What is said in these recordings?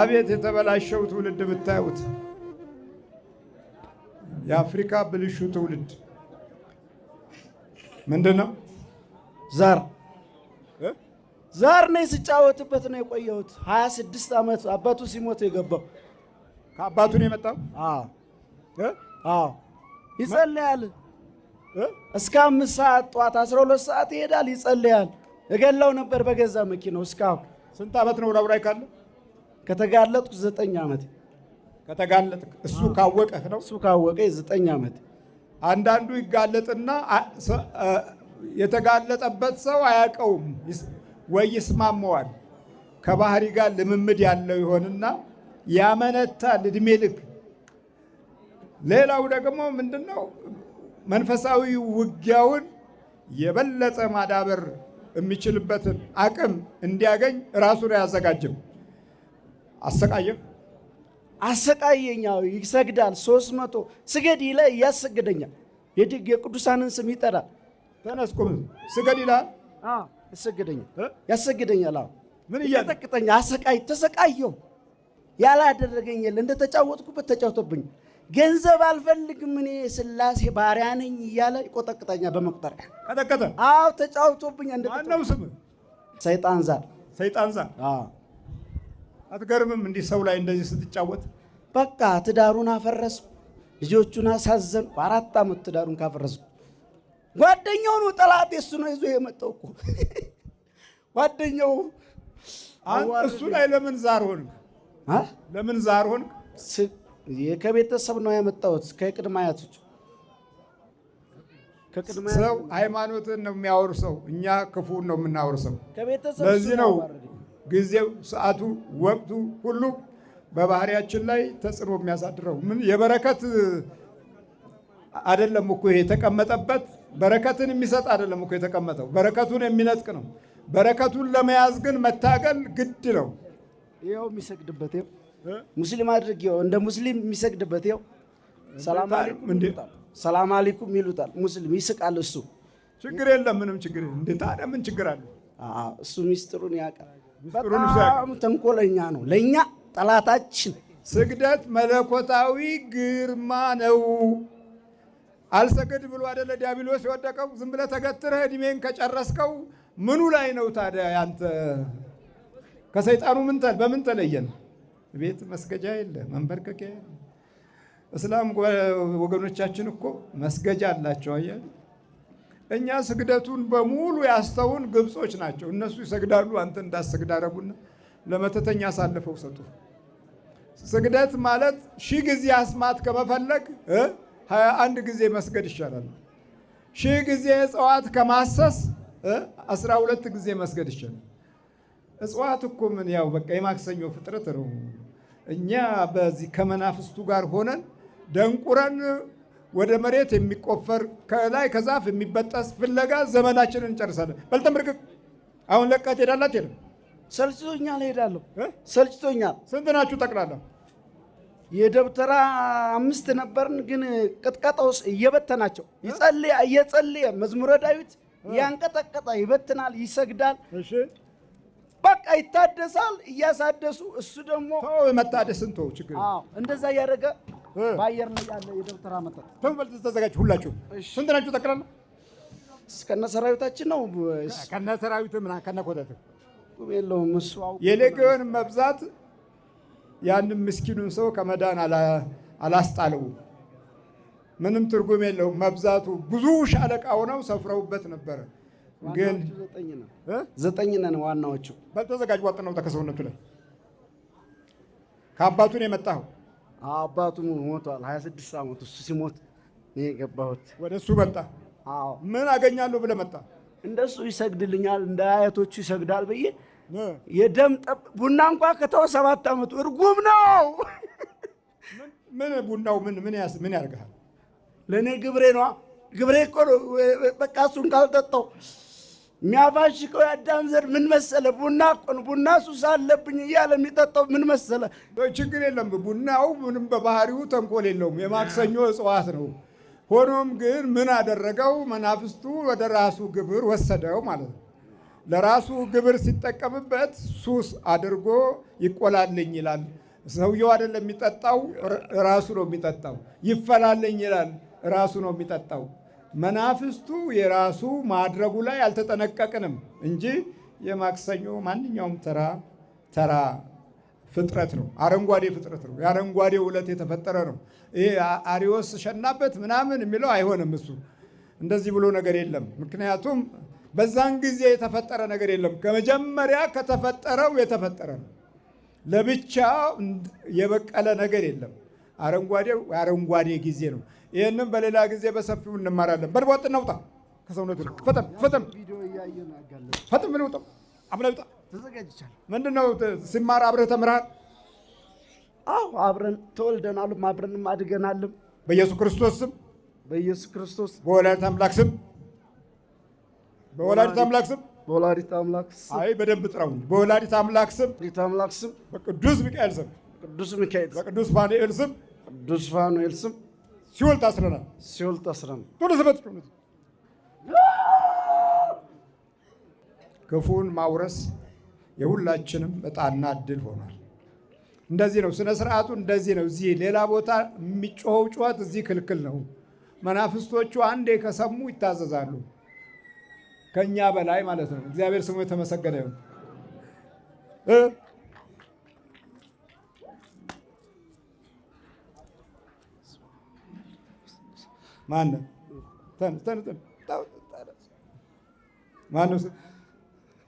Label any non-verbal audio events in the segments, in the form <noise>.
አቤት የተበላሸው ትውልድ ብታዩት! የአፍሪካ ብልሹ ትውልድ ምንድን ነው? ዛር ዛር ነው ስጫወትበት ነው የቆየሁት። ሀያ ስድስት ዓመት አባቱ ሲሞት የገባው ከአባቱ ነው የመጣው። ይጸልያል? እስከ አምስት ሰዓት ጠዋት አስራ ሁለት ሰዓት ይሄዳል፣ ይጸልያል? እገላው ነበር በገዛ መኪናው። እስካሁን ስንት ዓመት ነው? ላቡራይ ካለ ከተጋለጥኩ ዘጠኝ ዓመት ከተጋለጥክ እሱ ካወቀ ነው። እሱ ካወቀ ዘጠኝ ዓመት። አንዳንዱ ይጋለጥና የተጋለጠበት ሰው አያውቀውም ወይ ይስማማዋል። ከባህሪ ጋር ልምምድ ያለው ይሆንና ያመነታል እድሜ ልክ። ሌላው ደግሞ ምንድነው መንፈሳዊ ውጊያውን የበለጠ ማዳበር የሚችልበትን አቅም እንዲያገኝ ራሱ አያዘጋጅም። ያዘጋጀው። አሰቃየ አሰቃየኛው ይሰግዳል። ሶስት መቶ ስገድ ይለ ያሰግደኛል። የቅዱሳንን ስም ይጠራል። ተነስ ቁም ስገድ ይላል። ያሰግደኛል ያሰግደኛል። ምን እያጠቅጠኛ አሰቃይ ተሰቃየሁ። ያላደረገኝ የለ እንደተጫወትኩበት ተጫውቶብኝ ገንዘብ አልፈልግም እኔ ስላሴ ባሪያ ነኝ እያለ ቆጠቅጠኛ በመቁጠር ቀጠቀጠ። አዎ ተጫውቶብኛል። እንደተጫወተ ሰይጣን ዛር ሰይጣን ዛር አትገርምም? እንዲህ ሰው ላይ እንደዚህ ስትጫወት በቃ ትዳሩን አፈረስኩ፣ ልጆቹን አሳዘንኩ። አራት ዓመት ትዳሩን ካፈረስኩ ጓደኛውን ጠላት የሱ ነው ይዞ የመጣው እኮ <laughs> ጓደኛው እሱ ላይ ለምን ዛር ሆንክ? ለምን ዛር ሆንክ? ከቤተሰብ ነው የመጣሁት፣ ከቅድመ አያቶች ሰው ሃይማኖትን ነው የሚያወርሰው። እኛ ክፉን ነው የምናወርሰው። ለዚህ ነው ጊዜው፣ ሰዓቱ፣ ወቅቱ ሁሉ በባህሪያችን ላይ ተጽዕኖ የሚያሳድረው ምን የበረከት አይደለም እኮ የተቀመጠበት በረከትን የሚሰጥ አይደለም እኮ የተቀመጠው በረከቱን የሚነጥቅ ነው። በረከቱን ለመያዝ ግን መታገል ግድ ነው። ይኸው የሚሰግድበት ይኸው ሙስሊም አድርግ ይኸው እንደ ሙስሊም የሚሰግድበት ይኸው ሰላም አለይኩም ይሉታል። ሙስሊም ይስቃል። እሱ ችግር የለም ምንም ችግር የለም። ታዲያ ምን ችግር አለ? እሱ ሚስጥሩን ያውቃል። በጣም ተንኮለኛ ነው፣ ለእኛ ጠላታችን። ስግደት መለኮታዊ ግርማ ነው። አልሰግድ ብሎ አደለ ዲያብሎስ የወደቀው። ዝም ብለህ ተገትረህ እድሜን ከጨረስከው ምኑ ላይ ነው ታዲያ? ያንተ ከሰይጣኑ በምን ተለየን? ቤት መስገጃ የለ፣ መንበርከቅ። የለ። እስላም ወገኖቻችን እኮ መስገጃ አላቸው። አያሌ እኛ ስግደቱን በሙሉ ያስተውን ግብጾች ናቸው። እነሱ ይሰግዳሉ፣ አንተ እንዳትሰግድ ለመተተኛ አሳልፈው ሰጡ። ስግደት ማለት ሺህ ጊዜ አስማት ከመፈለግ ሀያ አንድ ጊዜ መስገድ ይሻላል። ሺህ ጊዜ እጽዋት ከማሰስ አስራ ሁለት ጊዜ መስገድ ይሻላል። እጽዋት እኮ ምን ያው በቃ የማክሰኞ ፍጥረት ነው። እኛ በዚህ ከመናፍስቱ ጋር ሆነን ደንቁረን ወደ መሬት የሚቆፈር ከላይ ከዛፍ የሚበጠስ ፍለጋ ዘመናችንን እንጨርሳለን። በልተም ርቅቅ አሁን ለቃ ትሄዳላት ሄደ ሰልችቶኛል፣ ሄዳለሁ ሰልችቶኛል። ስንት ናችሁ ጠቅላላ? የደብተራ አምስት ነበርን፣ ግን ቅጥቀጣውስ እየበተናቸው ይጸልያ እየጸልየ መዝሙረ ዳዊት ያንቀጠቀጠ ይበትናል፣ ይሰግዳል። በቃ ይታደሳል። እያሳደሱ እሱ ደግሞ መታደስን ተው ችግር እንደዛ እያደረገ በአየር ላይ ያለ የደብተራ መጠጥ ተመልጥ ተዘጋጅ። ሁላችሁ ስንት ናችሁ ጠቅላላ? ከነ ሰራዊታችን ነው። ከነ ሰራዊት ምና ከነ ኮተት የለውም። እሱ የሌጌውን መብዛት ያንም ምስኪኑን ሰው ከመዳን አላስጣለው። ምንም ትርጉም የለው መብዛቱ። ብዙ ሻለቃ ሆነው ሰፍረውበት ነበረ። ግን ዘጠኝ ነን ዋናዎቹ። በል ተዘጋጅ። ዋጥ ነው ተከሰውነቱ ላይ ከአባቱን የመጣኸው አባቱ ሞቷል። 26 ዓመቱ እሱ ሲሞት እኔ የገባሁት ወደ እሱ መጣ። አዎ ምን አገኛለሁ ብለህ መጣ? እንደሱ ይሰግድልኛል እንደ አያቶቹ ይሰግዳል ብዬ የደም ጠብ ቡና እንኳ ከተወ ሰባት ዓመቱ እርጉም ነው። ምን ቡናው ምን ምን ያስ ምን ለእኔ ግብሬ ነዋ። ግብሬ እኮ በቃ እሱን ካልጠጣው የሚያባሽቀው የአዳም ዘር ምን መሰለ? ቡና ቆን ቡና ሱስ አለብኝ እያለ የሚጠጣው ምን መሰለ? ችግር የለም ቡናው ምንም በባህሪው ተንኮል የለውም። የማክሰኞ እጽዋት ነው። ሆኖም ግን ምን አደረገው? መናፍስቱ ወደ ራሱ ግብር ወሰደው ማለት ነው። ለራሱ ግብር ሲጠቀምበት ሱስ አድርጎ ይቆላልኝ ይላል። ሰውየው አይደለም የሚጠጣው፣ ራሱ ነው የሚጠጣው። ይፈላልኝ ይላል፣ ራሱ ነው የሚጠጣው። መናፍስቱ የራሱ ማድረጉ ላይ አልተጠነቀቅንም እንጂ የማክሰኞ ማንኛውም ተራ ተራ ፍጥረት ነው። አረንጓዴ ፍጥረት ነው። የአረንጓዴ ዕለት የተፈጠረ ነው። ይሄ አሪዎስ ሸናበት ምናምን የሚለው አይሆንም። እሱ እንደዚህ ብሎ ነገር የለም። ምክንያቱም በዛን ጊዜ የተፈጠረ ነገር የለም። ከመጀመሪያ ከተፈጠረው የተፈጠረ ነው። ለብቻ የበቀለ ነገር የለም። አረንጓዴው አረንጓዴ ጊዜ ነው። ይህንም በሌላ ጊዜ በሰፊው እንማራለን። በድቧጥ እናውጣ ከሰውነቱ ፈጠን ፈጠን ፈጠን ምን ውጣ ውጣው ውጣ ተዘጋጅቻለሁ። ምንድን ነው ሲማር አብረህ ተምርሃል? አዎ አብረን ተወልደናልም አብረንም አድገናልም። በኢየሱስ ክርስቶስ ስም በኢየሱስ ክርስቶስ በወላዲተ አምላክ ስም በወላዲተ አምላክ ስም በወላዲተ አምላክ ስም አይ በደንብ ጥራው። በወላዲተ አምላክ ስም ወላዲተ አምላክ ስም በቅዱስ ሚካኤል ስም በቅዱስ ሚካኤል በቅዱስ ፋኑኤል ስም በቅዱስ ፋኑኤል ስም ሲወል ታስረናል። ሲወል ታስረናል። ክፉን ማውረስ የሁላችንም እጣና እድል ሆኗል። እንደዚህ ነው ስነ ስርዓቱ፣ እንደዚህ ነው። እዚህ ሌላ ቦታ የሚጮኸው ጩኸት እዚህ ክልክል ነው። መናፍስቶቹ አንዴ ከሰሙ ይታዘዛሉ፣ ከእኛ በላይ ማለት ነው። እግዚአብሔር ስሙ የተመሰገነ ይሁን። ማነው?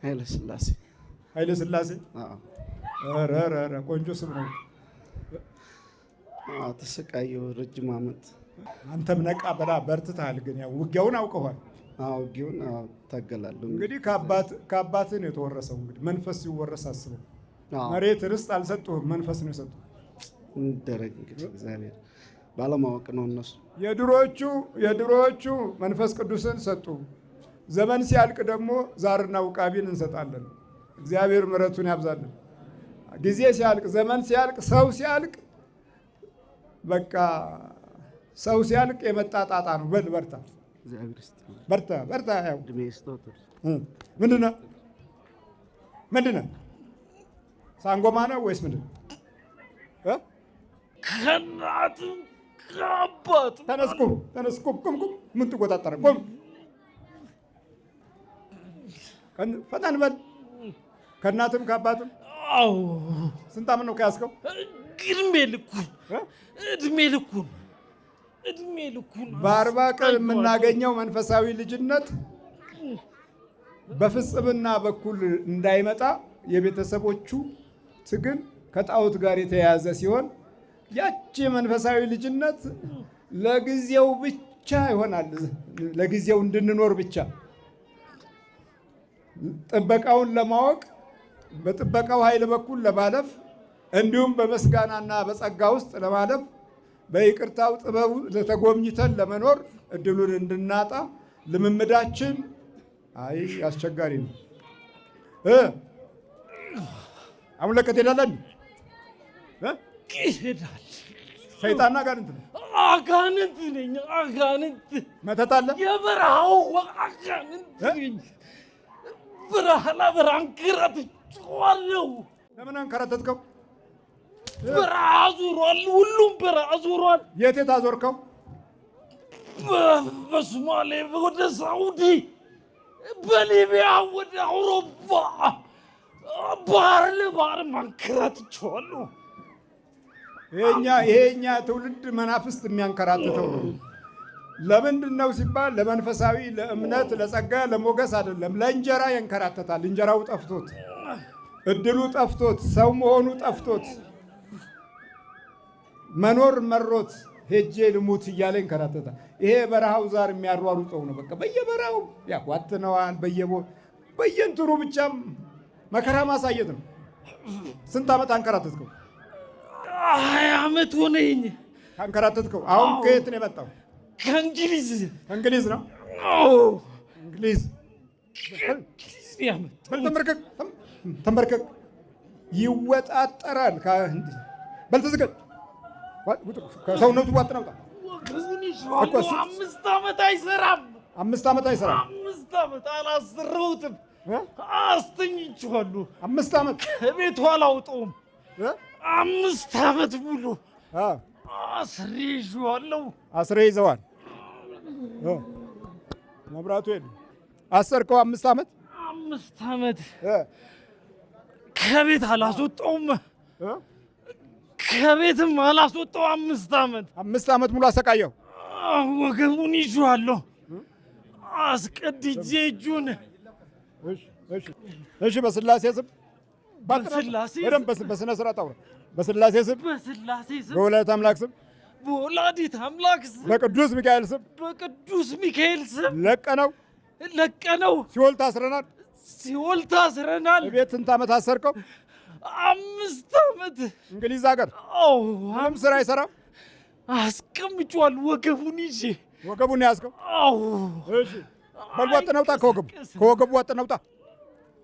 ኃይለ ሥላሴ ኃይለ ቆንጆ ስም ነው። ተሰቃየሁ ረጅም ዓመት። አንተም ነቃ በላ በርትተሃል። ግን ያው ውጊያውን አውቀኋል። ውጊያውን ታገላለሁ። እንግዲህ ከአባትህ ነው የተወረሰው። እንግዲህ መንፈስ ሲወረስ አስበው። መሬት ርስት አልሰጡህም፣ መንፈስ ነው የሰጡህ። እንደረግ እንግዲህ እግዚአብሔር ባለማወቅ ነው። እነሱ የድሮቹ የድሮዎቹ መንፈስ ቅዱስን ሰጡ። ዘመን ሲያልቅ ደግሞ ዛርና ውቃቢን እንሰጣለን። እግዚአብሔር ምሕረቱን ያብዛልን። ጊዜ ሲያልቅ፣ ዘመን ሲያልቅ፣ ሰው ሲያልቅ፣ በቃ ሰው ሲያልቅ የመጣ ጣጣ ነው። በል በርታ በርታ በርታ። ያው ምንድን ነው ምንድን ነው ሳንጎማ ነው ወይስ ምንድን ነው? አባት ቁም፣ ቁም። ምን ትቆጣጠረ? ቁም፣ ፈጠን በል። ከእናትም ከአባትም አዎ። ስንት ዓመት ነው ከያዝከው? እድሜ ልኩን፣ እድሜ ልኩን፣ እድሜ ልኩን። በአርባ ቀን የምናገኘው መንፈሳዊ ልጅነት በፍጽምና በኩል እንዳይመጣ የቤተሰቦቹ ትግል ከጣዖት ጋር የተያያዘ ሲሆን ያቺ መንፈሳዊ ልጅነት ለጊዜው ብቻ ይሆናል። ለጊዜው እንድንኖር ብቻ ጥበቃውን ለማወቅ በጥበቃው ኃይል በኩል ለማለፍ እንዲሁም በመስጋናና በጸጋ ውስጥ ለማለፍ በይቅርታው ጥበብ ለተጎብኝተን ለመኖር እድሉን እንድናጣ ልምምዳችን አይ አስቸጋሪ ነው። አሁን ለቀት ሄዳለን። ይሄዳል። ሰይጣንና አጋንንት ነው። አጋንንት ነኝ። አጋንንት መተት አለ። የበረሃው አጋንንት ነኝ። ብርሃና ብርሃን ከረትቼዋለሁ። ለምን አንከረተትከው? በረሃ አዙሯል። ሁሉም በረሃ አዙሯል። የት የት አዞርከው? በሶማሌ፣ ወደ ሳውዲ፣ በሊቢያ፣ ወደ አውሮፓ ባህር ለባህር ማንከራትቼዋለሁ። ይሄኛ ትውልድ መናፍስት የሚያንከራትተው ነው። ለምንድን ነው ሲባል ለመንፈሳዊ፣ ለእምነት፣ ለጸጋ፣ ለሞገስ አይደለም። ለእንጀራ ያንከራተታል። እንጀራው ጠፍቶት፣ እድሉ ጠፍቶት፣ ሰው መሆኑ ጠፍቶት፣ መኖር መሮት ሄጄ ልሙት እያለ ይንከራተታል። ይሄ በረሃው ዛር የሚያሯሩጠው ነው። በቃ በየበረሃው ያጓትነዋል። በየቦ በየንትሩ ብቻም መከራ ማሳየት ነው። ስንት ዓመት አንከራተትከው? ሀያ ዓመት ሆነኝ ተንከራተትከው። አሁን ከየት ነው የመጣው? ከእንግሊዝ ከእንግሊዝ ነው እንግሊዝ። ተንበርከክ ተንበርከክ፣ ይወጣጠራል። በልተዝገድ ከሰውነቱ ዋጥ ነውጣ። አምስት ዓመት አይሰራም። አምስት ዓመት አይሰራም። አምስት ዓመት አላሰራሁትም። አስተኝቼዋለሁ። አምስት ዓመት ቤቱ አላውጠውም አምስት ዓመት ሙሉ አስሬ ይዤዋለሁ። አስሬ ይዘዋል። መብራቱ የለም። አሰርከው አምስት ዓመት አምስት ዓመት ከቤት አላስወጣውም። ከቤትም አላስወጣው። አምስት ዓመት አምስት ዓመት ሙሉ አሰቃየው። ወገቡን ይዤዋለሁ። አስቀድጄ እጁን እሺ፣ በስላሴ ስም በስነ ስርዓት አውራ። በስላሴ ስም በወላዲተ አምላክ ስም በወላዲተ አምላክ ስም በቅዱስ ሚካኤል ስም በቅዱስ ሚካኤል ስም ለቀነው ለቀነው። ሲወል ታስረናል፣ ሲወል ታስረናል። ቤት ስንት ዓመት አሰርከው? አምስት ዓመት እንግሊዝ ሀገር። ምንም ስራ አይሰራም። አስቀምጫዋል ወገቡን ይዤ ወገቡን ያዝከው። በል ዋጥ ነውጣ፣ ከወገቡ ከወገቡ ነውጣ።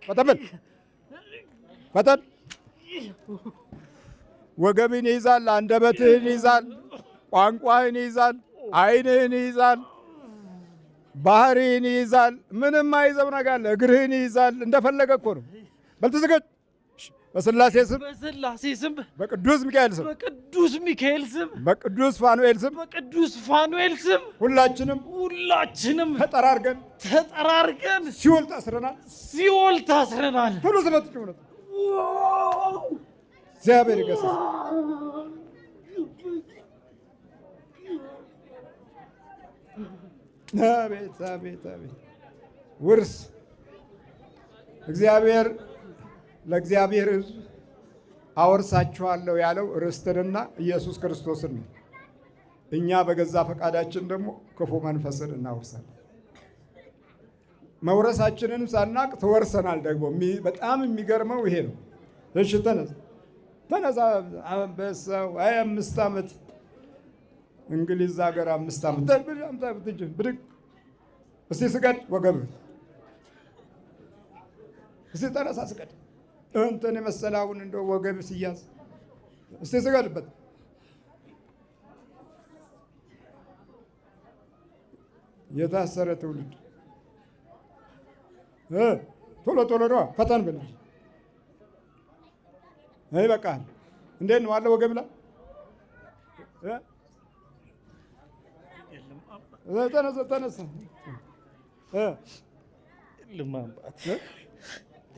በተበል ፈጠን ወገብን ይይዛል፣ አንደበትህን ይይዛል፣ ቋንቋህን ይይዛል፣ ዓይንህን ይይዛል፣ ባህርህን ይይዛል። ምንም አይዘው ነጋለ እግርህን ይይዛል። እንደፈለገ እኮ ነው። በል በስላሴ ስም በስላሴ ስም በቅዱስ ሚካኤል ስም በቅዱስ ሚካኤል ስም በቅዱስ ፋኑኤል ስም በቅዱስ ፋኑኤል ስም ሁላችንም ሁላችንም ተጠራርገን ተጠራርገን ሲኦል ታስረናል፣ ሲኦል ታስረናል። ቶሎ ስለጥቂው ነው እግዚአብሔር ይገስጽ። አቤት አቤት አቤት! ውርስ እግዚአብሔር ለእግዚአብሔር ሕዝብ አወርሳችኋለሁ ያለው ርስትንና ኢየሱስ ክርስቶስን ነው። እኛ በገዛ ፈቃዳችን ደግሞ ክፉ መንፈስን እናወርሳለን። መውረሳችንንም ሳናቅ ተወርሰናል። ደግሞ በጣም የሚገርመው ይሄ ነው። እሺ ተነሳ ተነሳ። አይ አምስት ዓመት እንግሊዝ ሀገር አምስት ዓመት ብድግ እስቲ ስገድ፣ ወገብ እስቲ ተነሳ፣ ስገድ። እንትን የመሰላውን እንደ ወገብ ሲያዝ እስቲ ስገድበት የታሰረ ትውልድ ቶሎ ቶሎ ነ ፈጠን ብላል ይበቃል። እንዴት ነው አለ ወገብ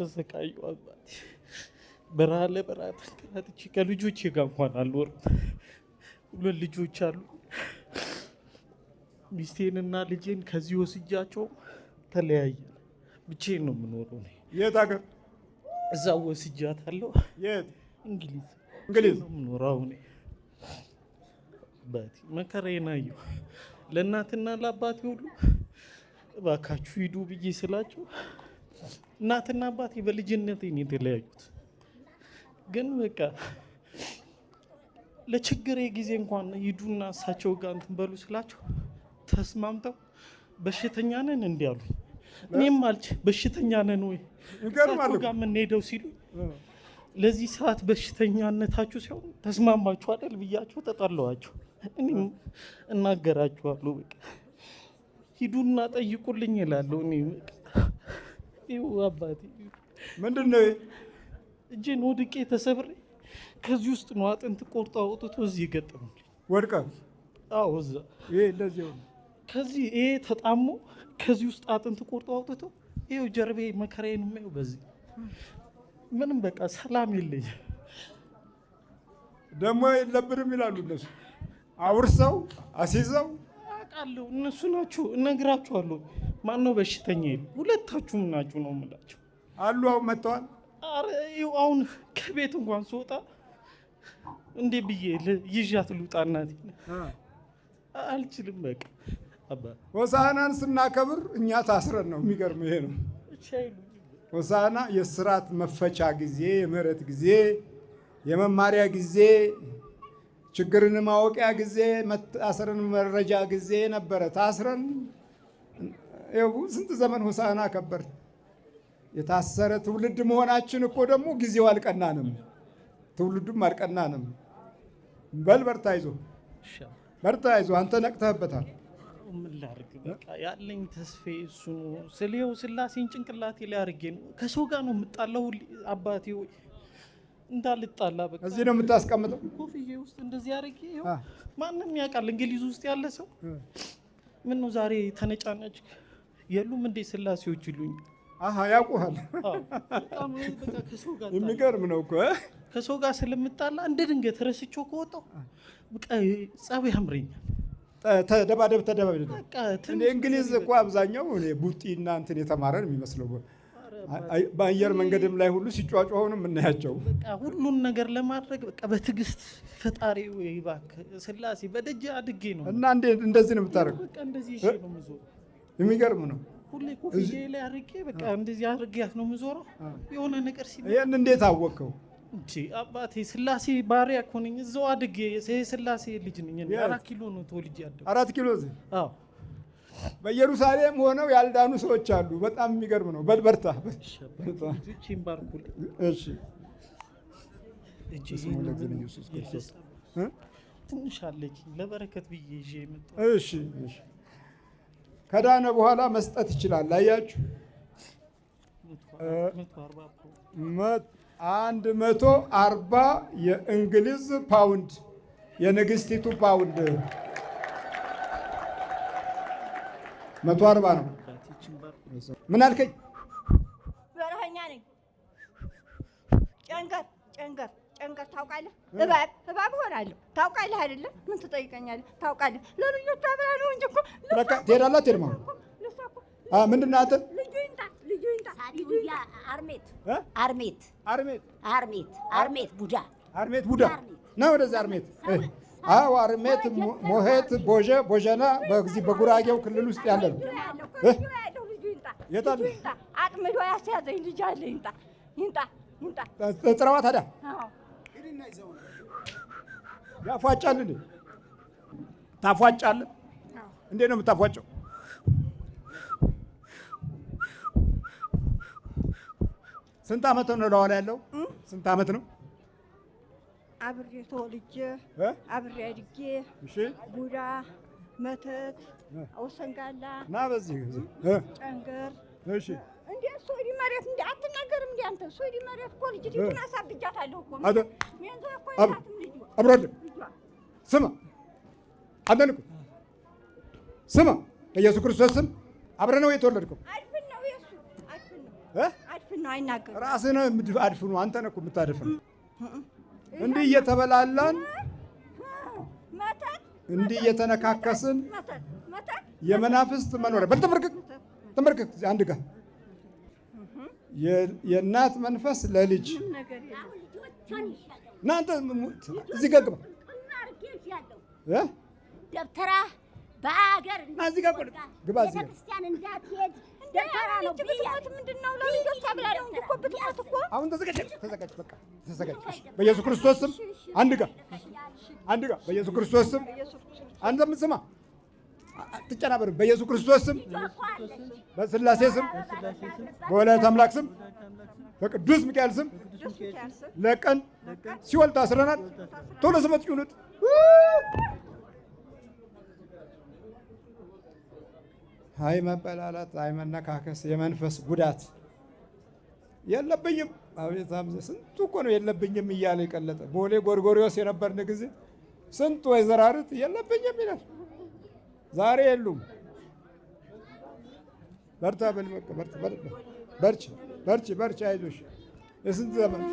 ተሰቃዩ አባት በረሃ ለበረሃ ተንከራትቼ ከልጆቼ ጋር እንኳን ሁለት ልጆች አሉ። ሚስቴንና ልጄን ከዚህ ወስጃቸው ተለያየ። ብቻዬን ነው የምኖረው። የት ሀገር? እዛ አለው። የት? እንግሊዝ። እንግሊዝ ነው የምኖረው። አሁን አባቴ መከራዬን አየሁ። ለእናትና ለአባቴ ሁሉ እባካችሁ ሂዱ ብዬ ስላቸው እናትና አባቴ በልጅነት ነው የተለያዩት። ግን በቃ ለችግሬ ጊዜ እንኳን ሂዱና እሳቸው ጋር እንትን በሉ ስላቸው ተስማምተው በሽተኛ ነን እንዲህ አሉኝ። እኔም አልች በሽተኛ ነን ወይ ጋር የምንሄደው ሲሉ ለዚህ ሰዓት በሽተኛነታችሁ ሲሆን ተስማማችሁ አይደል ብያችሁ ተጣለዋችሁ። እኔም እናገራችኋለሁ በቃ ሂዱና ጠይቁልኝ ይላለሁ። አባቴ ምንድን ነው እጄን ወድቄ ተሰብሬ ከዚህ ውስጥ ነው አጥንት ቆርጦ አውጥቶ እዚህ ገጠሙልኝ። አዎ እዛ ይሄ እንደዚህ ከዚህ ይሄ ተጣሞ ከዚህ ውስጥ አጥንት ቆርጦ አውጥቶ ይኸው ጀርቤ መከራዬን የማየው በዚህ ምንም በቃ ሰላም የለኝ። ደግሞ የለብንም ይላሉ እነሱ አውርሰው አስይዘው አውቃለሁ። እነሱ ናችሁ እነግራችኋለሁ። ማነው በሽተኛ ይሉ ሁለታችሁም ናችሁ ነው የምላቸው። አሉ አሁን መጥተዋል። ይኸው አሁን ከቤት እንኳን ስወጣ እንዴ ብዬ ይዣት ልውጣ እናቴ አልችልም በቃ ሆሳዕናን ስናከብር እኛ ታስረን ነው። የሚገርም ይሄ ነው። ሆሳና የስራት መፈቻ ጊዜ፣ የምህረት ጊዜ፣ የመማሪያ ጊዜ፣ ችግርን ማወቂያ ጊዜ፣ መታሰርን መረጃ ጊዜ ነበረ። ታስረን ስንት ዘመን ሆሳና ከበር የታሰረ ትውልድ መሆናችን እኮ ደግሞ ጊዜው አልቀናንም፣ ትውልዱም አልቀናንም። በል በርታ ይዞ በርታ ይዞ አንተ ነቅተህበታል። ምን ላድርግ? በቃ ያለኝ ተስፌ እሱ ነው። ስሌው ስላሴን ጭንቅላቴ ላይ አድርጌ ነው ከሰው ጋር ነው የምጣለው። አባቴ እንዳልጣላ በቃ እዚህ ነው የምታስቀምጠው፣ ኮፍዬ ውስጥ እንደዚህ አድርጌ። ማንም ያውቃል እንግሊዝ ውስጥ ያለ ሰው ምን ነው ዛሬ ተነጫነች? የሉም እንዴ ስላሴዎች ይሉኝ። አሃ ያውቁሃል። የሚገርም ነው እኮ ከሰው ጋር ስለምጣላ እንደ ድንገት ረስቼው ከወጣሁ በቃ ጸብ ያምረኛል። ተደባደብ ተደባደብ። እንግሊዝ እኮ አብዛኛው ቡጢ እና እንትን ነው የሚመስለው በአየር መንገድም ላይ ሁሉ ሲጫጩ ሆኑ የምናያቸው። ሁሉን ነገር ለማድረግ በቃ በትዕግስት ፈጣሪ እባክህ ስላሴ በደጅ አድጌ ነው እና እንደዚህ ነው የምታደርገው። የሚገርም ነው። ሁሌ ኮፍያ ላይ አድርጌ በቃ እንደዚህ አድርጌያት ነው የምዞረው። የሆነ ነገር ሲ ይህን እንዴት አወቅከው? እንቺ አባቴ ስላሴ ባሪያ እኮ ነኝ። እዛው አድጌ የስላሴ ልጅ ነኝ። አራት ኪሎ ነው ተወልጄ ያደኩት። አራት ኪሎ እዚህ አዎ በኢየሩሳሌም ሆነው ያልዳኑ ሰዎች አሉ። በጣም የሚገርም ነው። በልበርታ ትንሽ አለች ለበረከት ብዬ ይዤ የመጣሁት። ከዳነ በኋላ መስጠት ይችላል። አያችሁ አንድ መቶ አርባ የእንግሊዝ ፓውንድ የንግስቲቱ ፓውንድ መቶ አርባ ነው። ምን አልከኝ? በረሀኛ ነኝ። ጨንገር ጨንገር ጨንገር ታውቃለህ? እባብ እባብ እሆናለሁ። ታውቃለህ አይደለ? ምን ትጠይቀኛለህ? ታውቃለህ ለልጆቿ ብላ ነው እንጂ እኮ ትሄዳለህ። ትሄድማ ምንድን ነው አንተ ልጁ ይምጣ አርሜት አርሜት አርሜት ቡዳ አርሜት ቡዳ አርሜት አዎ አርሜት ሞሄት ቦዠ ቦዠና በዚህ በጉራጌው ክልል ውስጥ ያለ ነው። የታለ አጥምዶ ያስያዘኝ ልጅ አለ። ይምጣ ታዲያ ነው የምታፏጨው? ስንት ዓመት ነው ለዋላ ያለው? ስንት ዓመት ነው? አብሬ ተወልጄ አብሬ አድጌ እሺ፣ ጉዳ፣ መተት፣ ወሰንጋላ እና በዚህ ጨንገር እሺ እንዴ ሶዲ መሬት እንዴ አትናገርም። እንዴ አንተ ሶዲ መሬት እኮ ምን አሳብጃታለሁ እኮ አብሮ ስማ፣ አንተን እኮ ስማ፣ በኢየሱስ ክርስቶስ ስም አብረነው አብረህ ነው የተወለድከው። አያስደፍን ነው አይናገሩ። ራስህ ነህ የምታድፍኑ፣ አንተ ነው እኮ የምታድፍን። እንዲህ እየተበላላን እንዲህ እየተነካከስን የመናፍስት መኖሪያ በል ተንበርክክ፣ ተንበርክክ አንድ ጋር የእናት መንፈስ ለልጅ እናንተ እዚህ ጋር ግባ ደብተራ በአገር ግባ ቤተክርስቲያን እንዳትሄድ ደካራ ነው ብያለሁ። ምንድን ነው ለልጆች አብላለሁ እኮ ብትሞት እኮ አሁን ተዘጋጅ፣ ተዘጋጅ፣ በቃ ተዘጋጅ። በኢየሱስ ክርስቶስ ስም አንድ ጋር አንድ ጋር በኢየሱስ ክርስቶስ ስም አንተ የምትሰማ አትጨናበርም። በኢየሱስ ክርስቶስ ስም፣ በስላሴ ስም፣ በወላዲተ አምላክ ስም፣ በቅዱስ ሚካኤል ስም ለቀን ሲወልድ አስረናል ቶሎ ስመት ጩኑት አይ መበላላት፣ አይ መነካከስ፣ የመንፈስ ጉዳት የለብኝም። አቤት ስንቱ እኮ ነው የለብኝም እያለ የቀለጠ ቦሌ ጎርጎሪዎስ የነበርን ጊዜ ስንቱ ወይዘራርት የለብኝም ይላል። ዛሬ የሉም። በርታ በል በርቺ በርቺ በርቺ፣ አይዞሽ የስንት ዘመን